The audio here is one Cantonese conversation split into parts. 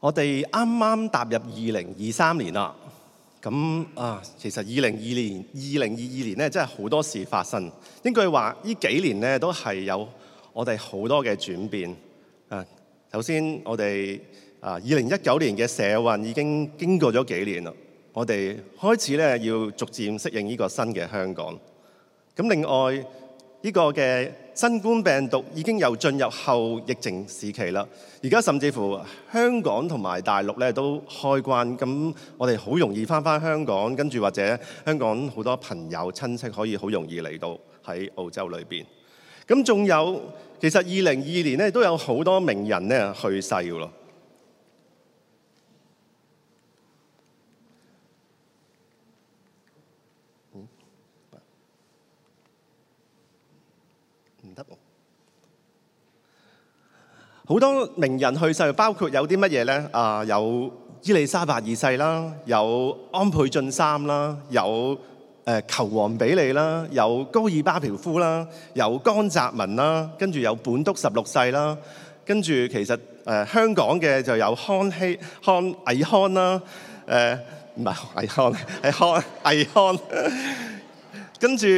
我哋啱啱踏入二零二三年啦，咁啊，其實二零二年、二零二二年咧，真係好多事發生。應該話呢幾年咧，都係有我哋好多嘅轉變。啊，首先我哋啊，二零一九年嘅社運已經經過咗幾年啦，我哋開始咧要逐漸適應呢個新嘅香港。咁另外呢個嘅。新冠病毒已經又進入後疫情時期喇，而家甚至乎香港同埋大陸都開關，噉我哋好容易返返香港，跟住或者香港好多朋友親戚可以好容易嚟到喺澳洲裏面。噉仲有，其實二零二二年都有好多名人去世噶好多名人去世，包括有啲乜嘢咧？啊，有伊利沙伯二世啦，有安倍晉三啦，有誒球王比利啦，有高爾巴條夫啦，有江澤民啦，跟住有本篤十六世啦，跟住其實誒香港嘅就有康希康偉康啦，誒唔係偉康係康偉康。跟住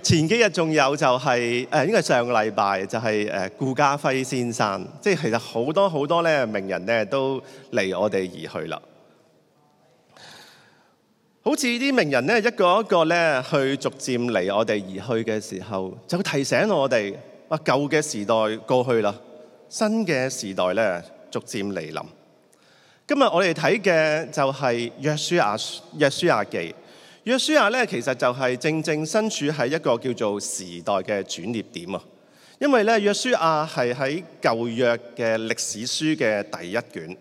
前幾日仲有就係誒，應該係上個禮拜就係誒顧嘉輝先生，即係其實好多好多咧名人咧都離我哋而去啦。好似啲名人咧一個一個咧去逐漸離我哋而去嘅時候，就提醒我哋：「哇！舊嘅時代過去啦，新嘅時代咧逐漸嚟臨。今日我哋睇嘅就係約書亞約書亞記。約書亞咧，其實就係正正身處喺一個叫做時代嘅轉捩點啊！因為咧，約書亞係喺舊約嘅歷史書嘅第一卷，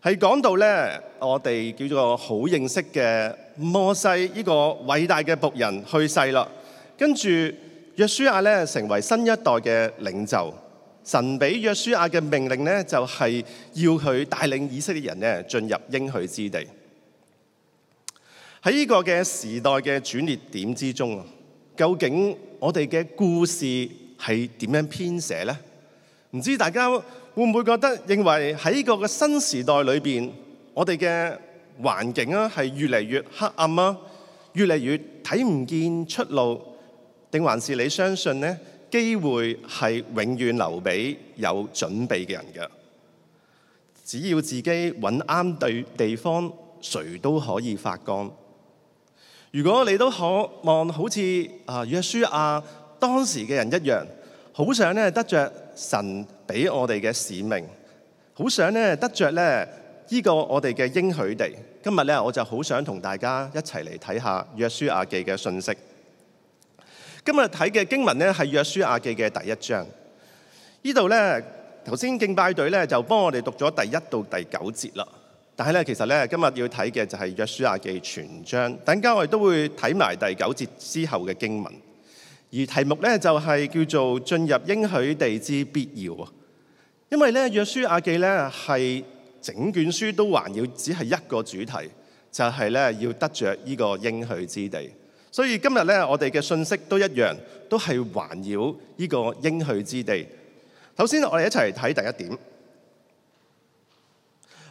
係講到咧我哋叫做好認識嘅摩西呢個偉大嘅僕人去世啦，跟住約書亞咧成為新一代嘅領袖，神俾約書亞嘅命令咧就係要佢帶領以色列人咧進入應許之地。喺呢個嘅時代嘅轉捩點之中，究竟我哋嘅故事係點樣編寫呢？唔知大家會唔會覺得認為喺呢個嘅新時代裏邊，我哋嘅環境啊係越嚟越黑暗啊，越嚟越睇唔見出路，定還是你相信呢，機會係永遠留俾有準備嘅人嘅？只要自己揾啱對地方，誰都可以發光。如果你都渴望好似啊約書亞當時嘅人一樣，好想得着神俾我哋嘅使命，好想得着呢依個我哋嘅應許地。今日呢，我就好想同大家一齊嚟睇下約書亞記嘅信息。今日睇嘅經文呢，係約書亞記嘅第一章。依度呢，頭先敬拜隊呢，就幫我哋讀咗第一到第九節啦。但係咧，其實咧，今日要睇嘅就係約書亞記全章。等陣我哋都會睇埋第九節之後嘅經文。而題目咧就係叫做進入應許地之必要。因為咧約書亞記咧係整卷書都環繞只係一個主題，就係咧要得着呢個應許之地。所以今日咧，我哋嘅信息都一樣，都係環繞呢個應許之地。首先，我哋一齊睇第一點。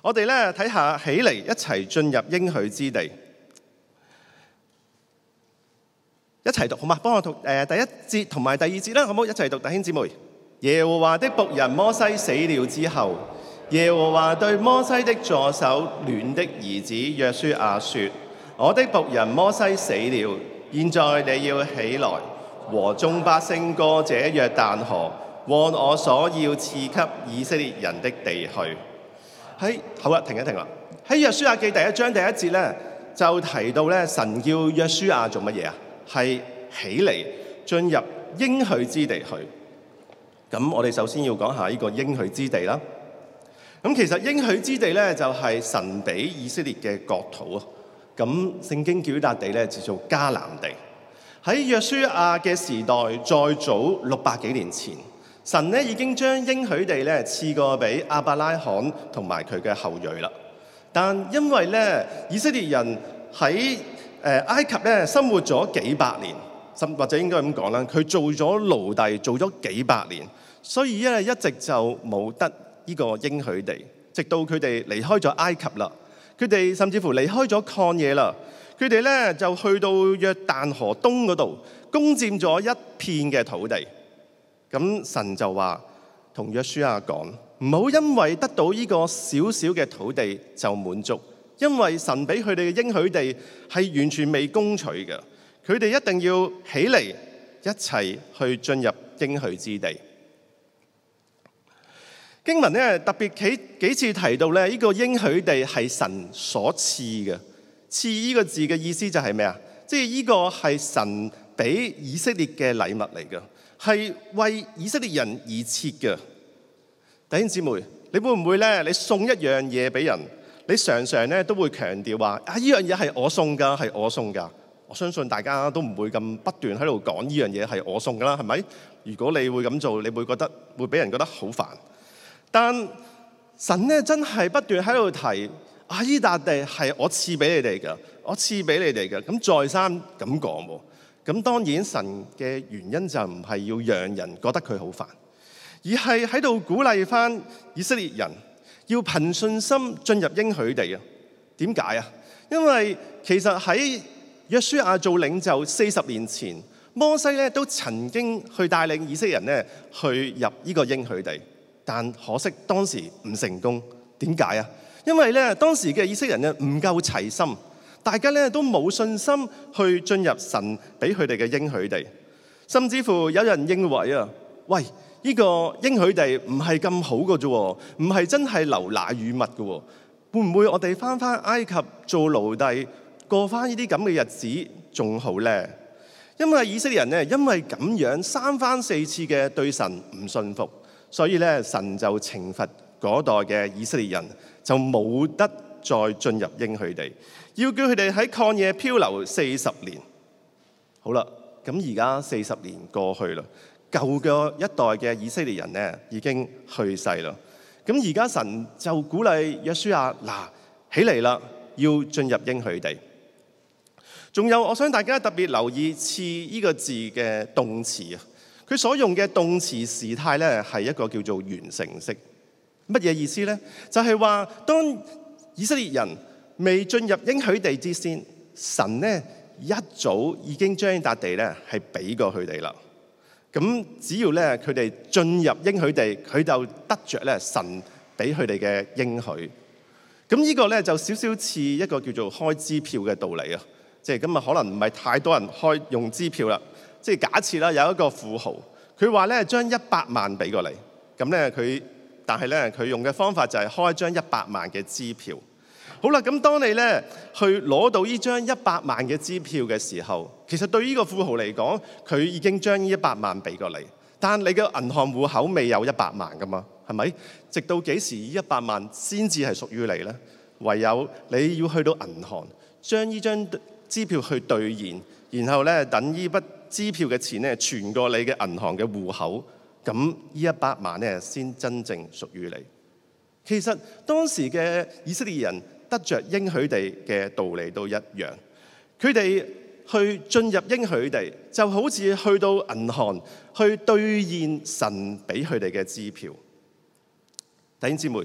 我哋呢，睇下起嚟一齊進入應許之地，一齊讀好嘛？幫我讀誒、呃、第一節同埋第二節啦，好冇？一齊讀弟兄姊妹。耶和華的僕人摩西死了之後，耶和華對摩西的助手嫩的兒子約書亞説：我的僕人摩西死了，現在你要起來，和眾百姓過這約旦河，往我所要賜給以色列人的地去。喺、hey, 好啦，停一停啦。喺、hey,《約書亞記》第一章第一節咧，就提到咧，神叫約書亞做乜嘢啊？係起嚟進入應許之地去。咁我哋首先要講下呢個應許之地啦。咁其實應許之地咧，就係、是、神俾以色列嘅國土啊。咁聖經叫笪地咧，就叫做迦南地。喺約書亞嘅時代，再早六百幾年前。神咧已經將應許地咧賜過俾亞伯拉罕同埋佢嘅後裔啦，但因為咧以色列人喺誒埃及咧生活咗幾百年，甚或者應該咁講啦，佢做咗奴隸做咗幾百年，所以咧一直就冇得呢個應許地，直到佢哋離開咗埃及啦，佢哋甚至乎離開咗曠野啦，佢哋咧就去到約旦河東嗰度攻佔咗一片嘅土地。咁神就話同約書亞講，唔好因為得到呢個小小嘅土地就滿足，因為神俾佢哋嘅應許地係完全未攻取嘅，佢哋一定要起嚟一齊去進入應許之地。經文咧特別幾幾次提到咧呢個應許地係神所賜嘅，賜呢個字嘅意思就係咩啊？即係呢個係神俾以色列嘅禮物嚟嘅。係為以色列人而設嘅，弟兄姊妹，你會唔會咧？你送一樣嘢俾人，你常常咧都會強調話：啊，依樣嘢係我送㗎，係我送㗎。我相信大家都唔會咁不斷喺度講依樣嘢係我送㗎啦，係咪？如果你會咁做，你會覺得會俾人覺得好煩。但神咧真係不斷喺度提：啊，依笪地係我賜俾你哋嘅，我賜俾你哋嘅。咁再三咁講咁當然神嘅原因就唔係要讓人覺得佢好煩，而係喺度鼓勵翻以色列人要憑信心進入應許地啊！點解啊？因為其實喺約書亞做領袖四十年前，摩西咧都曾經去帶領以色列人咧去入呢個應許地，但可惜當時唔成功。點解啊？因為咧當時嘅以色列人咧唔夠齊心。大家咧都冇信心去進入神俾佢哋嘅應許地，甚至乎有人認為啊，喂，呢個應許地唔係咁好嘅啫，唔係真係流奶與蜜喎，會唔會我哋翻翻埃及做奴隸，過翻呢啲咁嘅日子仲好咧？因為以色列人呢，因為咁樣三番四次嘅對神唔信服，所以咧神就懲罰嗰代嘅以色列人，就冇得再進入應許地。要叫佢哋喺曠野漂流四十年，好啦，咁而家四十年過去啦，舊嘅一代嘅以色列人呢已經去世啦。咁而家神就鼓勵約書亞啊，嗱，起嚟啦，要進入應許地。仲有，我想大家特別留意賜呢個字嘅動詞啊，佢所用嘅動詞時態呢係一個叫做完成式。乜嘢意思呢？就係話當以色列人。未進入應許地之前，神呢一早已經將呢笪地咧係俾過佢哋啦。咁只要咧佢哋進入應許地，佢就得着咧神俾佢哋嘅應許。咁呢個咧就少少似一個叫做開支票嘅道理啊。即係咁啊，可能唔係太多人開用支票啦。即係假設啦，有一個富豪，佢話咧將一百萬俾過你，咁咧佢，但係咧佢用嘅方法就係開張一百萬嘅支票。好啦，咁當你咧去攞到呢張一百萬嘅支票嘅時候，其實對於呢個富豪嚟講，佢已經將呢一百萬俾過你，但你嘅銀行戶口未有一百萬噶嘛，係咪？直到幾時呢一百萬先至係屬於你呢？唯有你要去到銀行將呢張支票去兌現，然後咧等呢筆支票嘅錢咧傳過你嘅銀行嘅戶口，咁呢一百萬咧先真正屬於你。其實當時嘅以色列人，得着應許地嘅道理都一樣，佢哋去進入應許地就好似去到銀行去兌現神俾佢哋嘅支票。弟兄姊妹，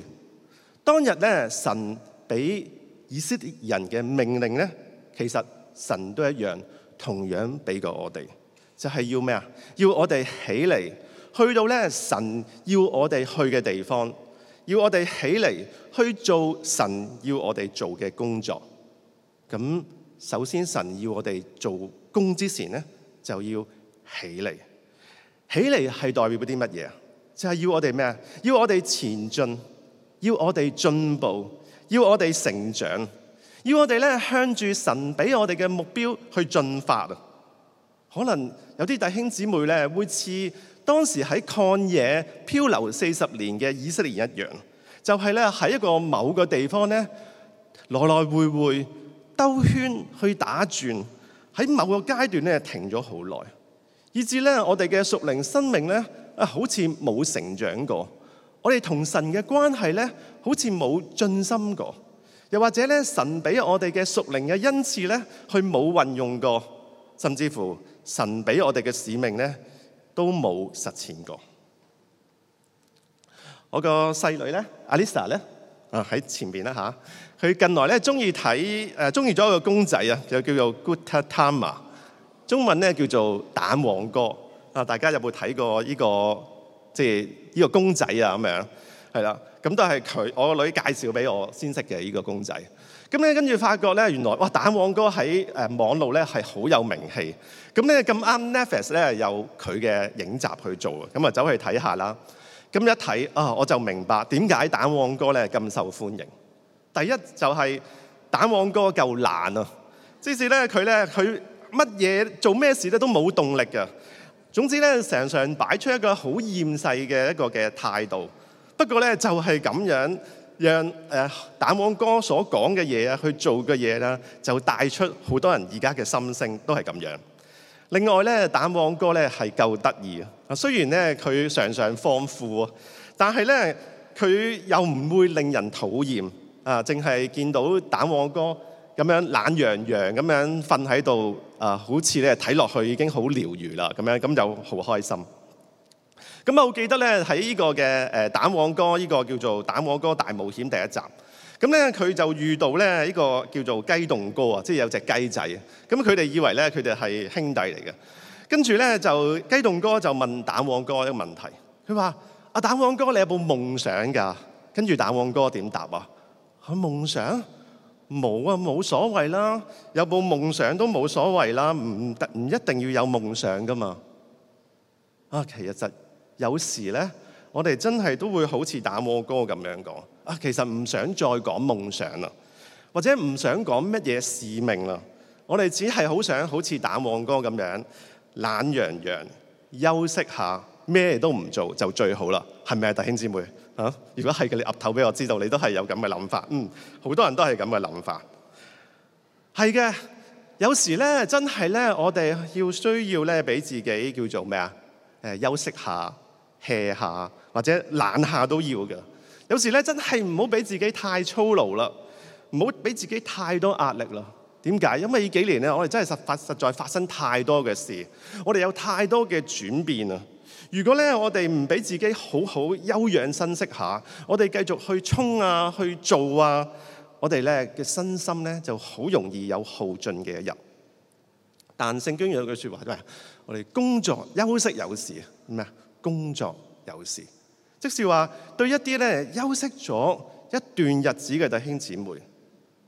當日咧神俾以色列人嘅命令咧，其實神都一樣，同樣俾過我哋，就係要咩啊？要我哋起嚟去到咧神要我哋去嘅地方。要我哋起嚟去做神要我哋做嘅工作。咁首先神要我哋做工之前咧，就要起嚟。起嚟係代表啲乜嘢啊？就係要我哋咩啊？要我哋前進，要我哋進步，要我哋成長，要我哋咧向住神俾我哋嘅目標去進發啊！可能有啲弟兄姊妹咧會似。當時喺曠野漂流四十年嘅以色列一樣，就係咧喺一個某個地方咧來來回回兜圈去打轉，喺某個階段咧停咗好耐，以至咧我哋嘅屬靈生命咧啊好似冇成長過，我哋同神嘅關係咧好似冇進心過，又或者咧神俾我哋嘅屬靈嘅恩賜咧去冇運用過，甚至乎神俾我哋嘅使命咧。都冇實踐過。我個細女咧 Alisa 咧，啊喺前邊啦嚇。佢近來咧中意睇誒，中意咗一個公仔啊，就叫做 Gudetama，中文咧叫做蛋黃哥啊。大家有冇睇過呢個即係呢個公仔啊？咁樣係啦，咁都係佢我個女介紹俾我先識嘅呢個公仔。咁咧，跟住發覺咧，原來哇，蛋黃哥喺誒網路咧係好有名氣。咁咧咁啱 Netflix 咧有佢嘅影集去做，咁啊走去睇下啦。咁一睇啊、哦，我就明白點解蛋黃哥咧咁受歡迎。第一就係蛋黃哥夠懶啊，即使咧佢咧佢乜嘢做咩事咧都冇動力嘅。總之咧，成上擺出一個好厭世嘅一個嘅態度。不過咧，就係、是、咁樣。讓誒、呃、蛋黃哥所講嘅嘢啊，去做嘅嘢啦，就帶出好多人而家嘅心聲，都係咁樣。另外咧，蛋黃哥咧係夠得意啊！雖然咧佢常常放負，但係咧佢又唔會令人討厭啊。淨、呃、係見到蛋黃哥咁樣懶洋洋咁樣瞓喺度啊，好似咧睇落去已經好療愈啦咁樣，咁就好開心。咁啊，我記得咧喺呢個嘅誒蛋黃哥呢個叫做蛋黃哥大冒險第一集，咁咧佢就遇到咧呢個叫做雞棟哥啊，即係有隻雞仔，咁佢哋以為咧佢哋係兄弟嚟嘅，跟住咧就雞棟哥就問蛋黃哥一個問題，佢話：阿蛋黃哥，你有冇夢想㗎？跟住蛋黃哥點答啊？冇夢想，冇啊，冇所謂啦，有冇夢想都冇所謂啦，唔得，唔一定要有夢想㗎嘛。啊，其實有時咧，我哋真係都會好似打望歌咁樣講啊，其實唔想再講夢想啦，或者唔想講乜嘢使命啦，我哋只係好想好似打望歌咁樣，懶洋洋休息下，咩都唔做就最好啦。係咪啊，弟兄姊妹啊？如果係嘅，你岌頭俾我知道，你都係有咁嘅諗法。嗯，好多人都係咁嘅諗法。係嘅，有時咧真係咧，我哋要需要咧，俾自己叫做咩啊？誒、呃，休息下。hea 下或者懶下都要嘅，有時咧真係唔好俾自己太操勞啦，唔好俾自己太多壓力啦。點解？因為呢幾年咧，我哋真係實發實在發生太多嘅事，我哋有太多嘅轉變啊。如果咧我哋唔俾自己好好休養生息下，我哋繼續去衝啊去做啊，我哋咧嘅身心咧就好容易有耗盡嘅一日。但聖經有句說話，喂，我哋工作休息有時咩啊？工作有時，即是話對一啲咧休息咗一段日子嘅弟兄姊妹，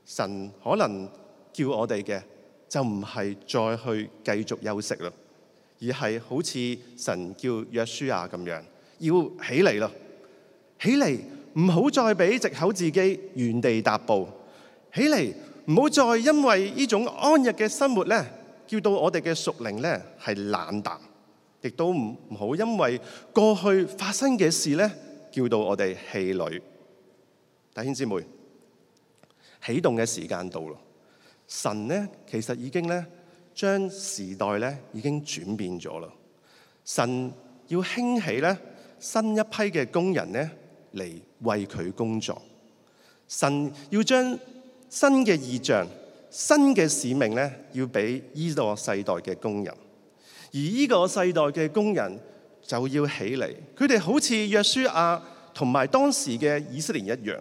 神可能叫我哋嘅就唔係再去繼續休息咯，而係好似神叫約書亞咁樣，要起嚟咯。起嚟唔好再俾藉口自己原地踏步，起嚟唔好再因為呢種安逸嘅生活咧，叫到我哋嘅屬靈咧係懶惰。亦都唔唔好，因為過去發生嘅事咧，叫到我哋氣餒。弟兄姊妹，啟動嘅時間到咯！神咧其實已經咧將時代咧已經轉變咗咯。神要興起咧新一批嘅工人咧嚟為佢工作。神要將新嘅異象、新嘅使命咧，要俾呢個世代嘅工人。而呢個世代嘅工人就要起嚟，佢哋好似約書亞同埋當時嘅以色列一樣。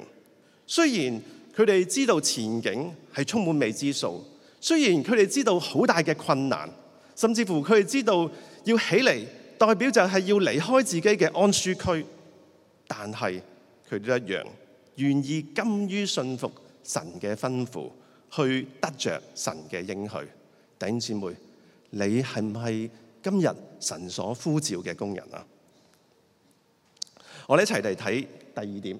雖然佢哋知道前景係充滿未知數，雖然佢哋知道好大嘅困難，甚至乎佢哋知道要起嚟代表就係要離開自己嘅安舒區，但係佢都一樣願意甘於信服神嘅吩咐，去得着神嘅應許。弟兄姊妹，你係唔係？今日神所呼召嘅工人啊，我哋一齊嚟睇第二點，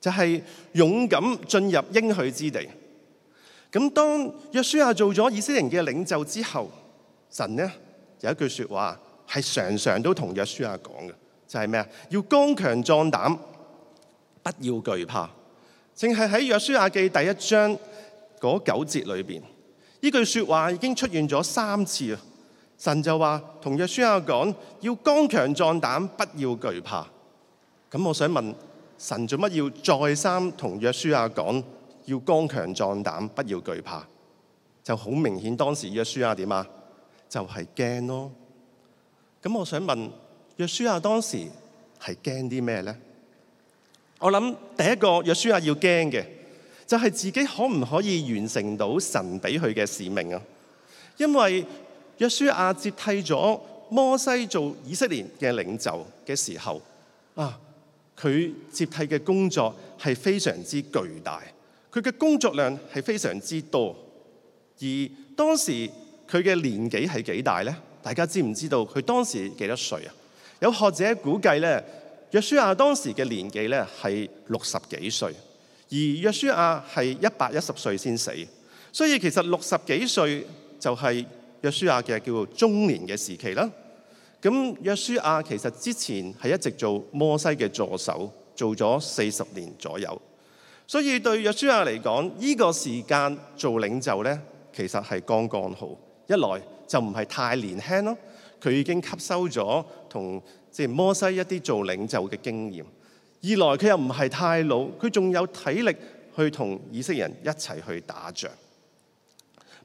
就係勇敢進入應許之地。咁當約書亞做咗以色列嘅領袖之後，神呢有一句說話係常常都同約書亞講嘅，就係咩啊？要剛強壯膽，不要懼怕。淨係喺《約書亞記》第一章嗰九節裏邊，呢句說話已經出現咗三次啊！神就話同約書亞講，要剛強壯膽，不要懼怕。咁我想問，神做乜要再三同約書亞講要剛強壯膽，不要懼怕？就好明顯當時約書亞點啊？就係驚咯。咁我想問，約書亞當時係驚啲咩咧？我諗第一個約書亞要驚嘅，就係自己可唔可以完成到神俾佢嘅使命啊？因為約書亞接替咗摩西做以色列嘅領袖嘅時候，啊，佢接替嘅工作係非常之巨大，佢嘅工作量係非常之多。而當時佢嘅年紀係幾大呢？大家知唔知道佢當時幾多歲啊？有學者估計咧，約書亞當時嘅年紀咧係六十幾歲，而約書亞係一百一十歲先死，所以其實六十幾歲就係約書亞嘅叫做中年嘅時期啦，咁約書亞其實之前係一直做摩西嘅助手，做咗四十年左右，所以對約書亞嚟講，呢個時間做領袖呢，其實係剛剛好。一來就唔係太年輕咯，佢已經吸收咗同即係摩西一啲做領袖嘅經驗；二來佢又唔係太老，佢仲有體力去同以色列人一齊去打仗。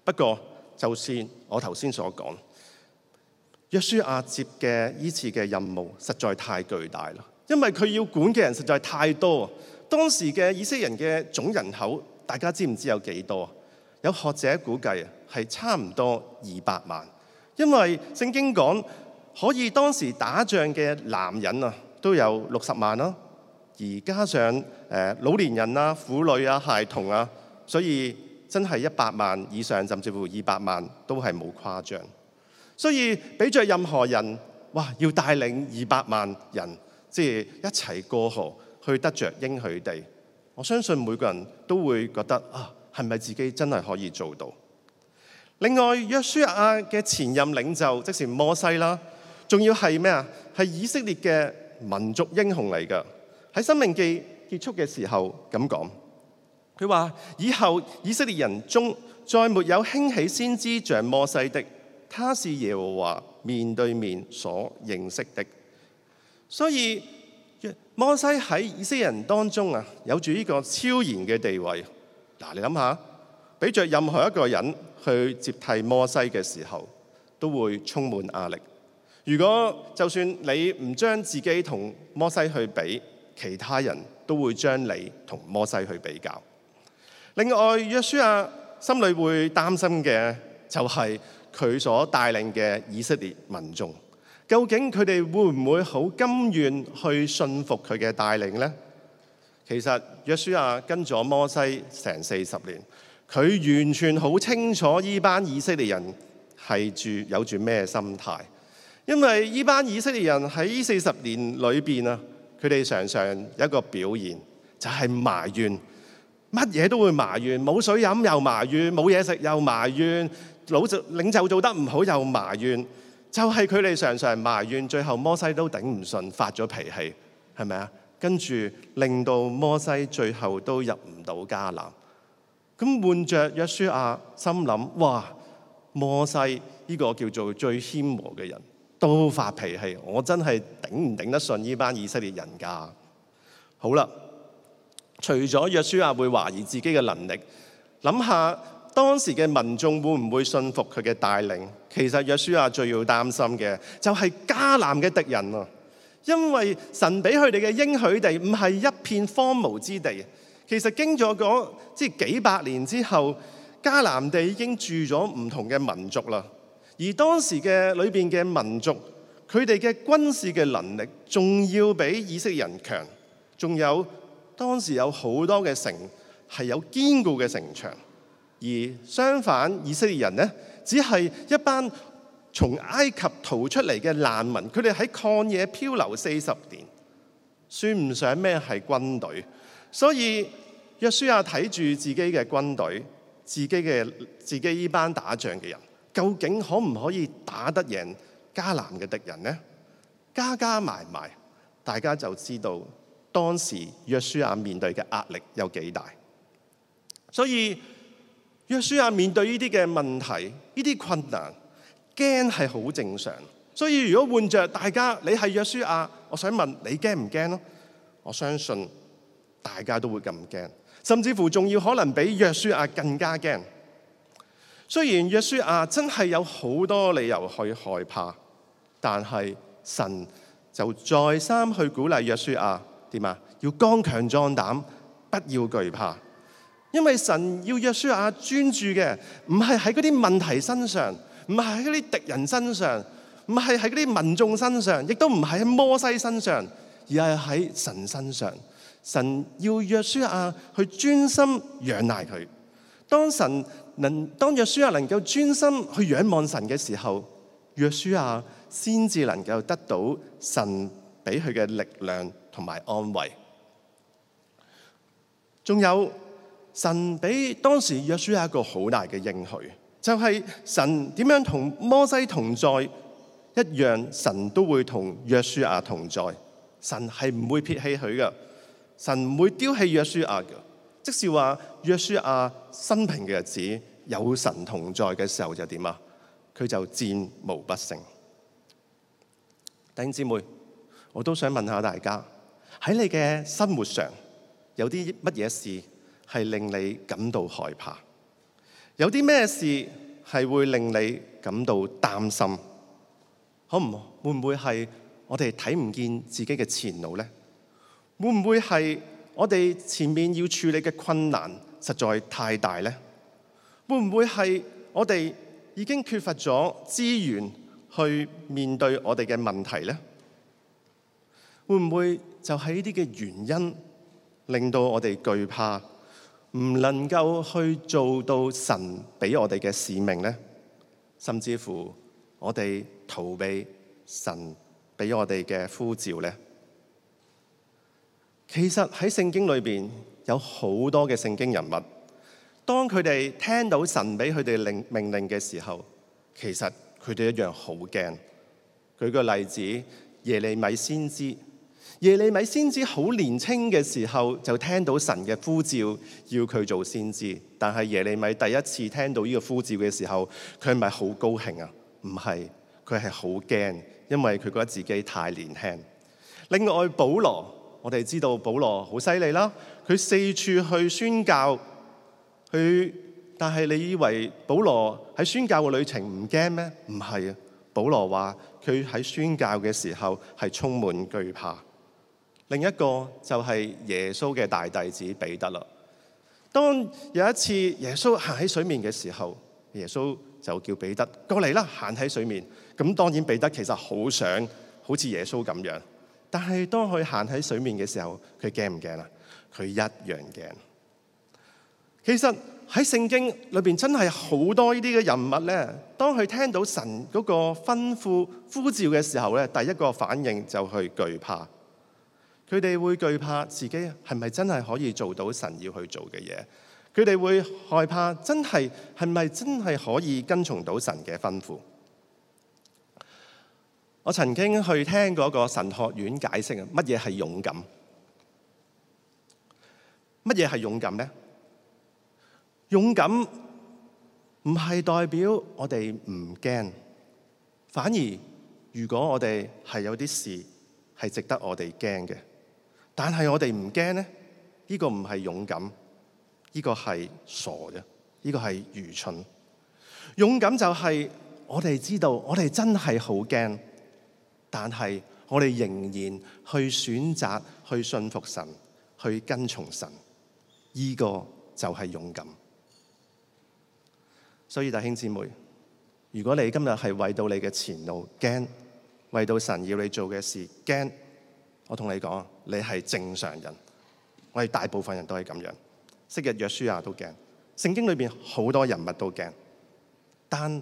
不過，首先，我頭先所講，約書亞接嘅呢次嘅任務實在太巨大啦，因為佢要管嘅人實在太多。當時嘅以色列人嘅總人口，大家知唔知道有幾多？有學者估計係差唔多二百萬，因為聖經講可以當時打仗嘅男人啊都有六十萬啦，而加上誒、呃、老年人啦、婦女啊、孩童啊，所以，真係一百萬以上，甚至乎二百萬都係冇誇張。所以俾着任何人，哇！要帶領二百萬人，即係一齊過河去得着應許地，我相信每個人都會覺得啊，係咪自己真係可以做到？另外，約書亞嘅前任領袖即是摩西啦，仲要係咩啊？係以色列嘅民族英雄嚟㗎。喺《生命記》結束嘅時候咁講。佢話：以後以色列人中再沒有興起先知像摩西的，他是耶和華面對面所認識的。所以摩西喺以色列人當中啊，有住呢個超然嘅地位。嗱，啊，你諗下，俾着任何一個人去接替摩西嘅時候，都會充滿壓力。如果就算你唔將自己同摩西去比，其他人都會將你同摩西去比較。另外，約書亞心裏會擔心嘅就係佢所帶領嘅以色列民眾，究竟佢哋會唔會好甘願去信服佢嘅帶領呢？其實約書亞跟咗摩西成四十年，佢完全好清楚呢班以色列人係有住咩心態，因為呢班以色列人喺呢四十年裏面，他佢哋常常有一個表現就係、是、埋怨。乜嘢都會埋怨，冇水飲又埋怨，冇嘢食又埋怨，老就領袖做得唔好又埋怨，就係佢哋常常埋怨，最後摩西都頂唔順，發咗脾氣，係咪啊？跟住令到摩西最後都入唔到迦南。咁換著約書亞心諗：哇，摩西呢個叫做最謙和嘅人都發脾氣，我真係頂唔頂得順呢班以色列人㗎。好啦。除咗約書亞會懷疑自己嘅能力，諗下當時嘅民眾會唔會信服佢嘅帶領？其實約書亞最要擔心嘅就係迦南嘅敵人咯，因為神俾佢哋嘅應許地唔係一片荒蕪之地。其實經咗即係幾百年之後，迦南地已經住咗唔同嘅民族啦。而當時嘅裏邊嘅民族，佢哋嘅軍事嘅能力仲要比以色列人強，仲有。當時有好多嘅城係有堅固嘅城牆，而相反，以色列人呢，只係一班從埃及逃出嚟嘅難民，佢哋喺曠野漂流四十年，算唔上咩係軍隊。所以，約書亞睇住自己嘅軍隊、自己嘅自己呢班打仗嘅人，究竟可唔可以打得贏迦南嘅敵人呢？加加埋埋，大家就知道。當時約書亞面對嘅壓力有幾大，所以約書亞面對呢啲嘅問題、呢啲困難，驚係好正常。所以如果換着大家，你係約書亞，我想問你驚唔驚咯？我相信大家都會咁驚，甚至乎仲要可能比約書亞更加驚。雖然約書亞真係有好多理由去害怕，但係神就再三去鼓勵約書亞。點啊？要剛強壯膽，不要懼怕，因為神要約書亞專注嘅，唔係喺嗰啲問題身上，唔係喺嗰啲敵人身上，唔係喺嗰啲民眾身上，亦都唔係喺摩西身上，而係喺神身上。神要約書亞去專心仰賴佢。當神能，當約書亞能夠專心去仰望神嘅時候，約書亞先至能夠得到神俾佢嘅力量。同埋安慰，仲有神俾當時約書亞一個好大嘅應許，就係神點樣同摩西同在一樣，神都會同約書亞同在，神係唔會撇棄佢嘅，神唔會丟棄約書亞嘅。即是話，約書亞生平嘅日子，有神同在嘅時候就點啊？佢就戰無不勝。弟兄姊妹，我都想問下大家。喺你嘅生活上，有啲乜嘢事係令你感到害怕？有啲咩事係會令你感到擔心？好，唔會唔會係我哋睇唔見自己嘅前路咧？會唔會係我哋前面要處理嘅困難實在太大咧？會唔會係我哋已經缺乏咗資源去面對我哋嘅問題咧？會唔會？就係呢啲嘅原因，令到我哋懼怕，唔能夠去做到神俾我哋嘅使命咧，甚至乎我哋逃避神俾我哋嘅呼召咧。其實喺聖經裏邊有好多嘅聖經人物，當佢哋聽到神俾佢哋令命令嘅時候，其實佢哋一樣好驚。舉個例子，耶利米先知。耶利米先知好年青嘅時候就聽到神嘅呼召，要佢做先知。但係耶利米第一次聽到呢個呼召嘅時候，佢係咪好高興啊？唔係，佢係好驚，因為佢覺得自己太年輕。另外保羅，我哋知道保羅好犀利啦，佢四處去宣教，去。但係你以為保羅喺宣教嘅旅程唔驚咩？唔係啊，保羅話佢喺宣教嘅時候係充滿懼怕。另一個就係耶穌嘅大弟子彼得啦。當有一次耶穌行喺水面嘅時候，耶穌就叫彼得過嚟啦，行喺水面。咁當然彼得其實好想好似耶穌咁樣，但係當佢行喺水面嘅時候，佢驚唔驚啊？佢一樣驚。其實喺聖經裏邊真係好多呢啲嘅人物咧。當佢聽到神嗰個吩咐呼召嘅時候咧，第一個反應就去懼怕。佢哋會懼怕自己係咪真係可以做到神要去做嘅嘢？佢哋會害怕真係係咪真係可以跟從到神嘅吩咐？我曾經去聽過一個神學院解釋乜嘢係勇敢？乜嘢係勇敢咧？勇敢唔係代表我哋唔驚，反而如果我哋係有啲事係值得我哋驚嘅。但係我哋唔驚呢，呢個唔係勇敢，呢個係傻啫，呢個係愚蠢。勇敢就係我哋知道，我哋真係好驚，但係我哋仍然去選擇去信服神，去跟從神，呢個就係勇敢。所以弟兄姊妹，如果你今日係為到你嘅前路驚，為到神要你做嘅事驚。我同你講，你係正常人，我哋大部分人都係咁樣，昔日約書亞都驚，聖經裏邊好多人物都驚，但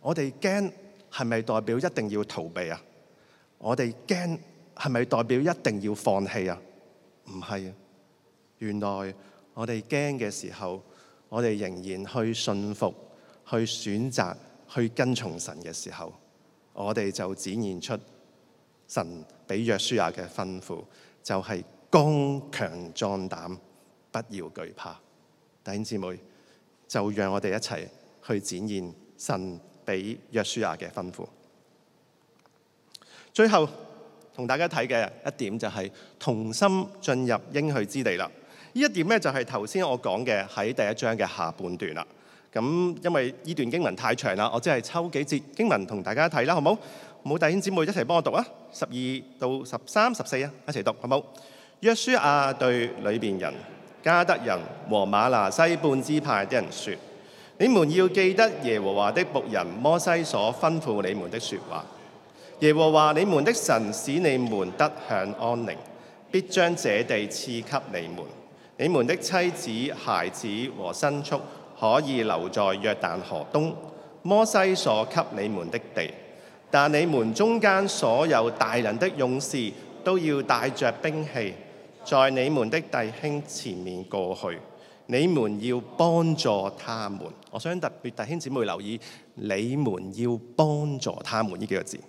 我哋驚係咪代表一定要逃避啊？我哋驚係咪代表一定要放棄啊？唔係啊，原來我哋驚嘅時候，我哋仍然去信服、去選擇、去跟從神嘅時候，我哋就展現出神俾約書亞嘅吩咐就係剛強壯膽，不要懼怕。弟兄姊妹，就讓我哋一齊去展現神俾約書亞嘅吩咐。最後同大家睇嘅一點就係、是、同心進入應許之地啦。呢一點咧就係頭先我講嘅喺第一章嘅下半段啦。咁因為呢段經文太長啦，我只係抽幾節經文同大家睇啦，好唔好？冇弟兄姊妹一齊幫我讀啊, 13，啊讀！十二到十三、十四啊，一齊讀好冇？約書亞對裏邊人迦得人和瑪拿西半支派的人說：你們要記得耶和華的僕人摩西所吩咐你們的説話。耶和華你們的神使你們得享安寧，必將這地賜給你們。你們的妻子、孩子和牲畜可以留在約旦河東。摩西所給你們的地。但你們中間所有大人的勇士都要帶着兵器，在你們的弟兄前面過去。你們要幫助他們。我想特別弟兄姊妹留意，你們要幫助他們呢幾個字。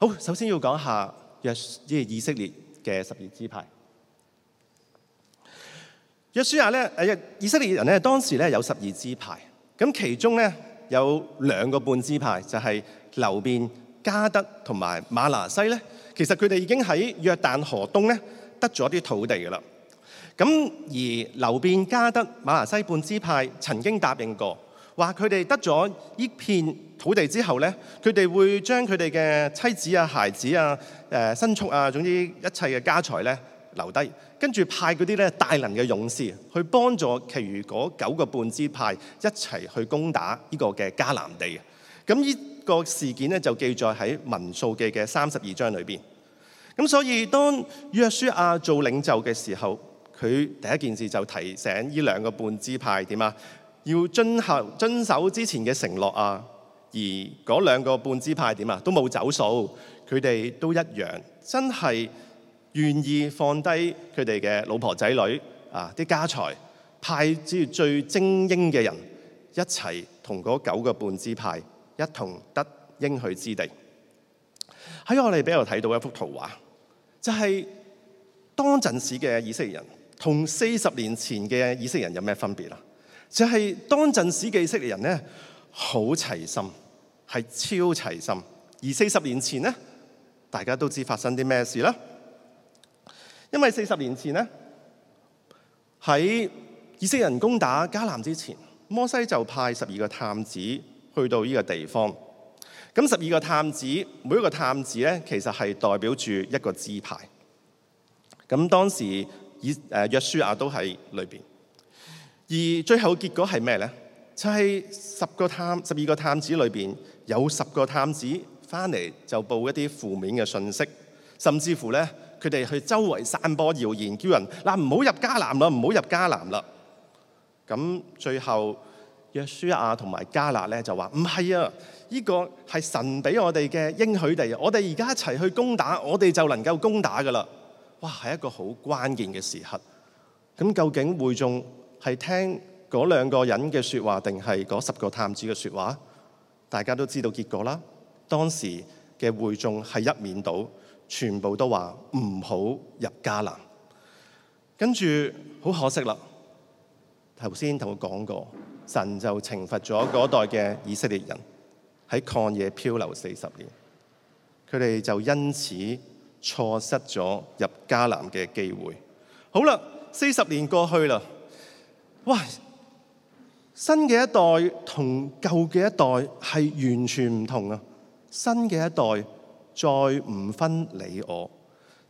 好，首先要講下約以色列嘅十二支派。約書亞呢，誒，以色列人呢，當時呢有十二支派，咁其中呢，有兩個半支派，就是流便、迦得同埋馬拿西咧，其實佢哋已經喺約旦河東咧得咗啲土地噶啦。咁而流便、迦得、馬拿西半支派曾經答應過，話佢哋得咗呢片土地之後咧，佢哋會將佢哋嘅妻子啊、孩子啊、誒、呃、牲畜啊，總之一切嘅家財咧留低，跟住派嗰啲咧大能嘅勇士去幫助其餘嗰九個半支派一齊去攻打呢個嘅迦南地。咁、嗯、依個事件咧就記載喺《民數記》嘅三十二章裏邊。咁所以當約書亞做領袖嘅時候，佢第一件事就提醒呢兩個半支派點啊，要遵行遵守之前嘅承諾啊。而嗰兩個半支派點啊，都冇走數，佢哋都一樣真係願意放低佢哋嘅老婆仔女啊，啲家財，派至最精英嘅人一齊同嗰九個半支派。一同得應許之地喺我哋比度睇到嘅一幅圖畫，就係當陣時嘅以色列人同四十年前嘅以色列人有咩分別啦？就係、是、當陣時嘅以色列人咧，好齊心，係超齊心；而四十年前呢，大家都知道發生啲咩事啦。因為四十年前呢，喺以色列人攻打迦南之前，摩西就派十二個探子。去到呢個地方，咁十二個探子，每一個探子咧，其實係代表住一個支派。咁當時以誒約書亞都喺裏邊，而最後結果係咩咧？就係、是、十個探十二個探子裏邊，有十個探子翻嚟就報一啲負面嘅信息，甚至乎咧，佢哋去周圍散播謠言，叫人嗱唔好入迦南啦，唔好入迦南啦。咁最後。約書亞同埋加勒咧就話：唔係啊，呢個係神俾我哋嘅應許地。我哋而家一齊去攻打，我哋就能夠攻打噶啦。哇，係一個好關鍵嘅時刻。咁究竟會眾係聽嗰兩個人嘅説話，定係嗰十個探子嘅説話？大家都知道結果啦。當時嘅會眾係一面倒，全部都話唔好入迦南。跟住好可惜啦。頭先同我講過。神就懲罰咗嗰代嘅以色列人喺曠野漂流四十年，佢哋就因此錯失咗入迦南嘅機會好了。好啦，四十年過去啦，哇！新嘅一代同舊嘅一代係完全唔同啊。新嘅一代再唔分你我，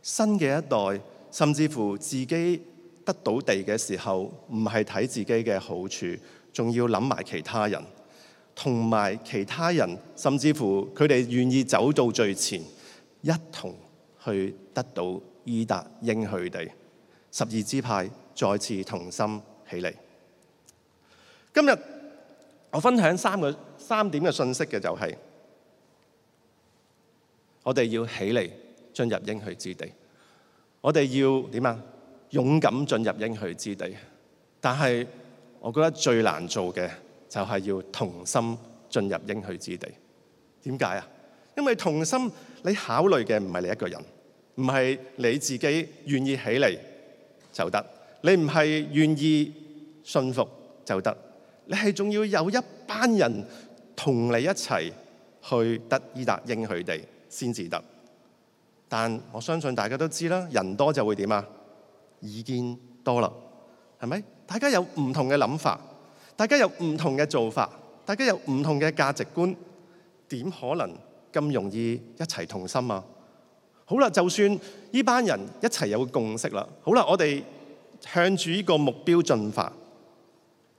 新嘅一代甚至乎自己得到地嘅時候，唔係睇自己嘅好處。仲要諗埋其他人，同埋其他人，甚至乎佢哋願意走到最前，一同去得到伊達應許地。十二支派再次同心起嚟。今日我分享三個三點嘅信息嘅就係，我哋要起嚟進入應許之地，我哋要點啊？勇敢進入應許之地，但係，我覺得最難做嘅就係要同心進入應許之地。點解啊？因為同心，你考慮嘅唔係你一個人，唔係你自己願意起嚟就得，你唔係願意信服就得，你係仲要有一班人同你一齊去得達應許地先至得。但我相信大家都知啦，人多就會點啊？意見多啦，係咪？大家有唔同嘅諗法，大家有唔同嘅做法，大家有唔同嘅價值觀，點可能咁容易一齊同心啊？好啦，就算呢班人一齊有共識啦，好啦，我哋向住呢個目標進發，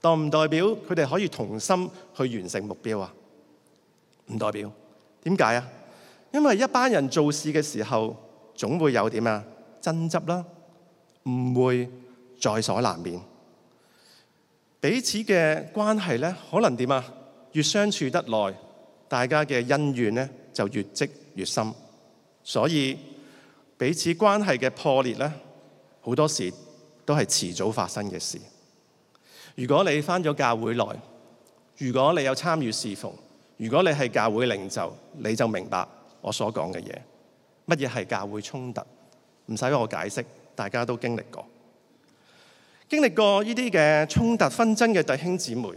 代唔代表佢哋可以同心去完成目標啊？唔代表，點解啊？因為一班人做事嘅時候總會有點啊，爭執啦，唔會在所難免。彼此嘅關係咧，可能點啊？越相處得耐，大家嘅恩怨咧就越積越深。所以彼此關係嘅破裂咧，好多時都係遲早發生嘅事。如果你翻咗教會內，如果你有參與侍奉，如果你係教會領袖，你就明白我所講嘅嘢。乜嘢係教會衝突？唔使我解釋，大家都經歷過。經歷過呢啲嘅衝突紛爭嘅弟兄姊妹，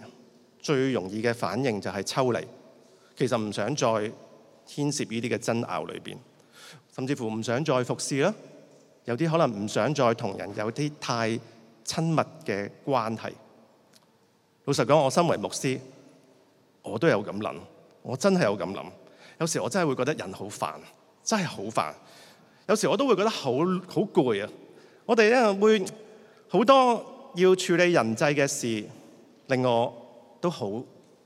最容易嘅反應就係抽離，其實唔想再牽涉呢啲嘅爭拗裏邊，甚至乎唔想再服侍啦。有啲可能唔想再同人有啲太親密嘅關係。老實講，我身為牧師，我都有咁諗，我真係有咁諗。有時我真係會覺得人好煩，真係好煩。有時我都會覺得好好攰啊！我哋咧會。好多要處理人際嘅事，令我都好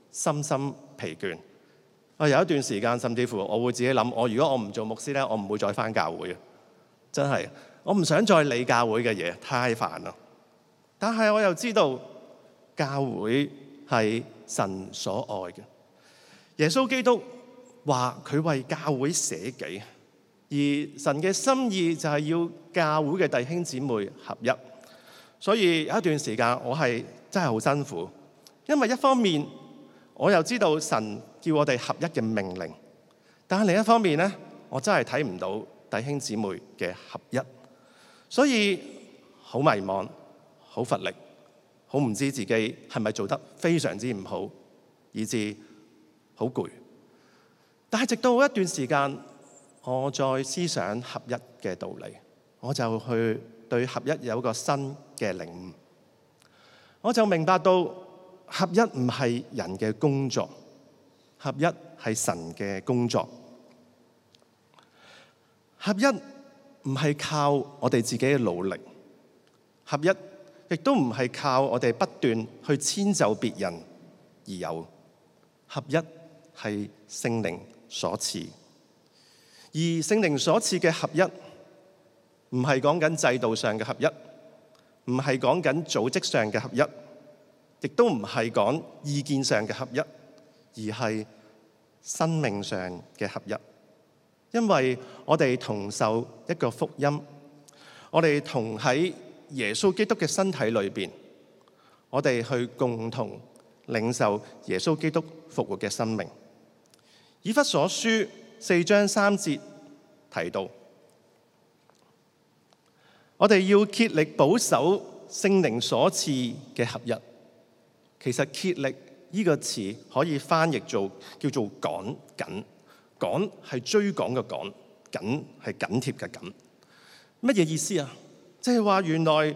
心心疲倦。啊，有一段時間甚至乎我會自己諗：我如果我唔做牧師咧，我唔會再翻教會，真係我唔想再理教會嘅嘢，太煩啦。但係我又知道教會係神所愛嘅。耶穌基督話佢為教會捨己，而神嘅心意就係要教會嘅弟兄姊妹合一。所以有一段時間我係真係好辛苦，因為一方面我又知道神叫我哋合一嘅命令，但係另一方面咧，我真係睇唔到弟兄姊妹嘅合一，所以好迷茫、好乏力、好唔知自己係咪做得非常之唔好，以致好攰。但係直到一段時間，我再思想合一嘅道理，我就去對合一有個新。嘅領悟，我就明白到合一唔係人嘅工作，合一係神嘅工作。合一唔係靠我哋自己嘅努力，合一亦都唔係靠我哋不斷去遷就別人而有。合一係聖靈所賜，而聖靈所賜嘅合一，唔係講緊制度上嘅合一。唔係講緊組織上嘅合一，亦都唔係講意見上嘅合一，而係生命上嘅合一。因為我哋同受一個福音，我哋同喺耶穌基督嘅身體裏面，我哋去共同領受耶穌基督復活嘅生命。以弗所書四章三節提到。我哋要竭力保守聖靈所賜嘅合一。其實竭力呢個詞可以翻譯做叫做趕緊。趕係追趕嘅趕，緊係緊貼嘅緊。乜嘢意思啊？即係話原來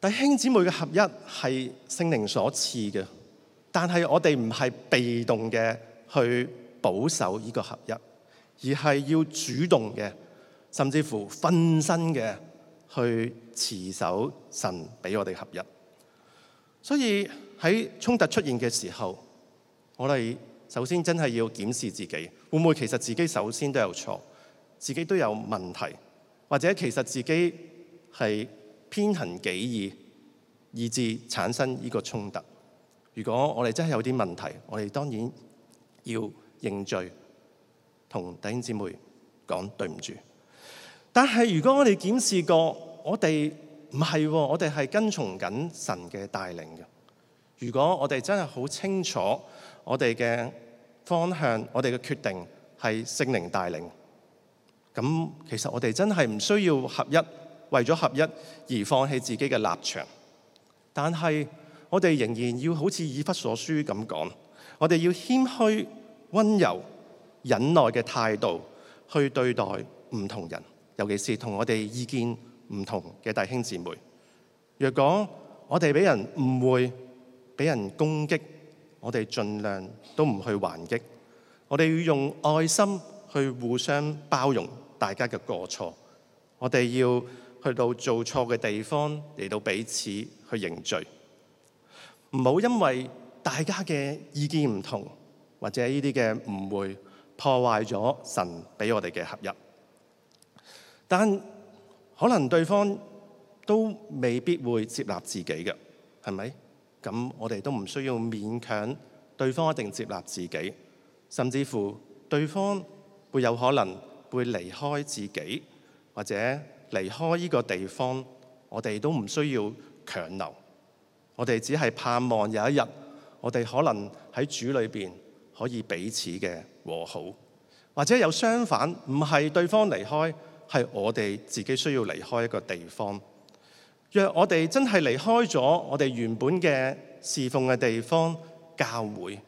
弟兄姊妹嘅合一係聖靈所賜嘅，但係我哋唔係被動嘅去保守呢個合一，而係要主動嘅。甚至乎分身嘅去持守神俾我哋合一，所以喺衝突出現嘅時候，我哋首先真係要檢視自己會唔會其實自己首先都有錯，自己都有問題，或者其實自己係偏行己意，以致產生呢個衝突。如果我哋真係有啲問題，我哋當然要認罪，同弟兄姊妹講對唔住。但係、哦，如果我哋檢視過，我哋唔係我哋係跟從緊神嘅帶領嘅。如果我哋真係好清楚我哋嘅方向，我哋嘅決定係聖靈帶領，咁其實我哋真係唔需要合一，為咗合一而放棄自己嘅立場。但係我哋仍然要好似以弗所書咁講，我哋要謙虛、溫柔、忍耐嘅態度去對待唔同人。尤其是同我哋意見唔同嘅弟兄姊妹，若果我哋俾人誤會、俾人攻擊，我哋盡量都唔去還擊，我哋要用愛心去互相包容大家嘅過錯。我哋要去到做錯嘅地方嚟到彼此去凝聚，唔好因為大家嘅意見唔同或者呢啲嘅誤會破壞咗神俾我哋嘅合一。但可能對方都未必會接納自己嘅，係咪？咁我哋都唔需要勉強對方一定接納自己，甚至乎對方會有可能會離開自己，或者離開呢個地方，我哋都唔需要強留。我哋只係盼望有一日，我哋可能喺主裏面可以彼此嘅和好，或者有相反，唔係對方離開。係我哋自己需要離開一個地方。若我哋真係離開咗我哋原本嘅侍奉嘅地方，教會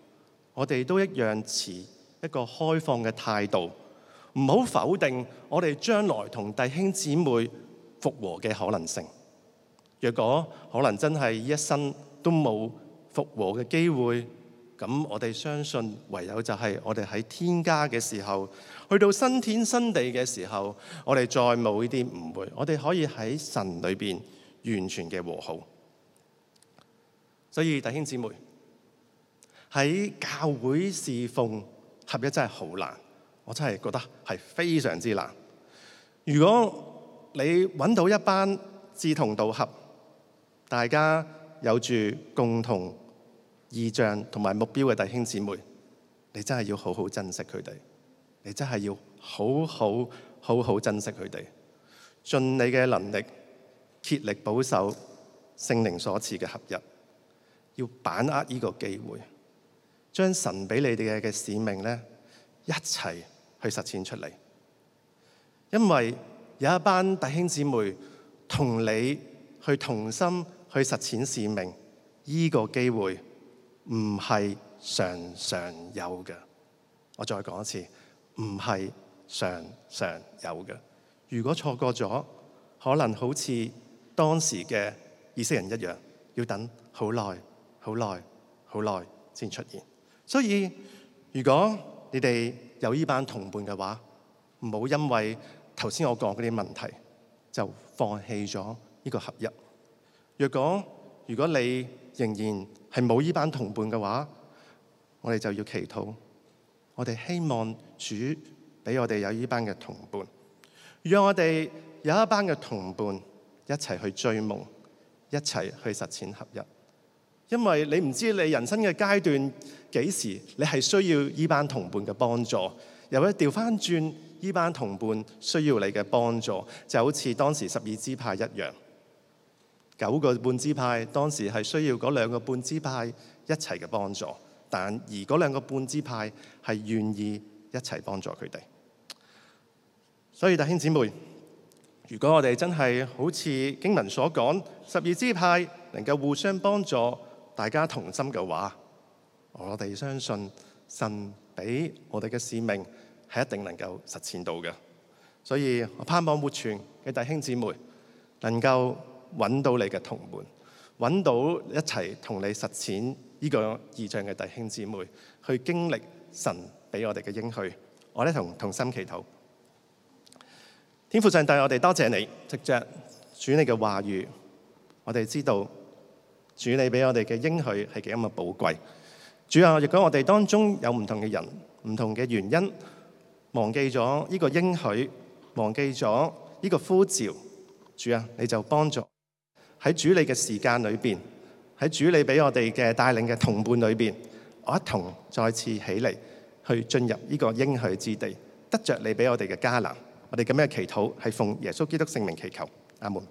我哋都一樣持一個開放嘅態度，唔好否定我哋將來同弟兄姊妹復和嘅可能性。若果可能真係一生都冇復和嘅機會。咁我哋相信，唯有就係我哋喺天家嘅時候，去到新天新地嘅時候，我哋再冇呢啲誤會，我哋可以喺神裏面完全嘅和好。所以弟兄姊妹喺教會侍奉合一真係好難，我真係覺得係非常之難。如果你揾到一班志同道合，大家有住共同意象同埋目標嘅弟兄姊妹，你真係要好好珍惜佢哋。你真係要好好好好珍惜佢哋，盡你嘅能力竭力保守聖靈所賜嘅合一，要把握呢個機會，將神俾你哋嘅嘅使命咧一齊去實踐出嚟。因為有一班弟兄姊妹同你去同心去實踐使命，呢、這個機會。唔係常常有嘅，我再講一次，唔係常常有嘅。如果錯過咗，可能好似當時嘅以色列人一樣，要等好耐、好耐、好耐先出現。所以，如果你哋有呢班同伴嘅話，唔好因為頭先我講嗰啲問題就放棄咗呢個合一。若果如果你仍然係冇依班同伴嘅話，我哋就要祈禱。我哋希望主俾我哋有依班嘅同伴，讓我哋有一班嘅同伴一齊去追夢，一齊去實踐合一。因為你唔知道你人生嘅階段幾時，你係需要依班同伴嘅幫助。又一掉返轉，依班同伴需要你嘅幫助，就好似當時十二支派一樣。九個半支派當時係需要嗰兩個半支派一齊嘅幫助，但而嗰兩個半支派係願意一齊幫助佢哋。所以，弟兄姊妹，如果我哋真係好似經文所講，十二支派能夠互相幫助，大家同心嘅話，我哋相信神俾我哋嘅使命係一定能夠實踐到嘅。所以我盼望活泉嘅弟兄姊妹能夠。揾到你嘅同伴，揾到一齊同你實踐呢個異象嘅弟兄姊妹，去經歷神俾我哋嘅應許。我哋同同心祈禱，天父上帝，我哋多謝你，藉着主你嘅話語，我哋知道主你俾我哋嘅應許係幾咁嘅寶貴。主啊，如果我哋當中有唔同嘅人，唔同嘅原因，忘記咗呢個應許，忘記咗呢個呼召，主啊，你就幫助。喺主你嘅時間裏面，喺主你畀我哋嘅帶領嘅同伴裏面，我一同再次起嚟，去進入呢個應許之地，得着你畀我哋嘅迦南。我哋噉樣嘅祈禱係奉耶穌基督聖名祈求，阿門。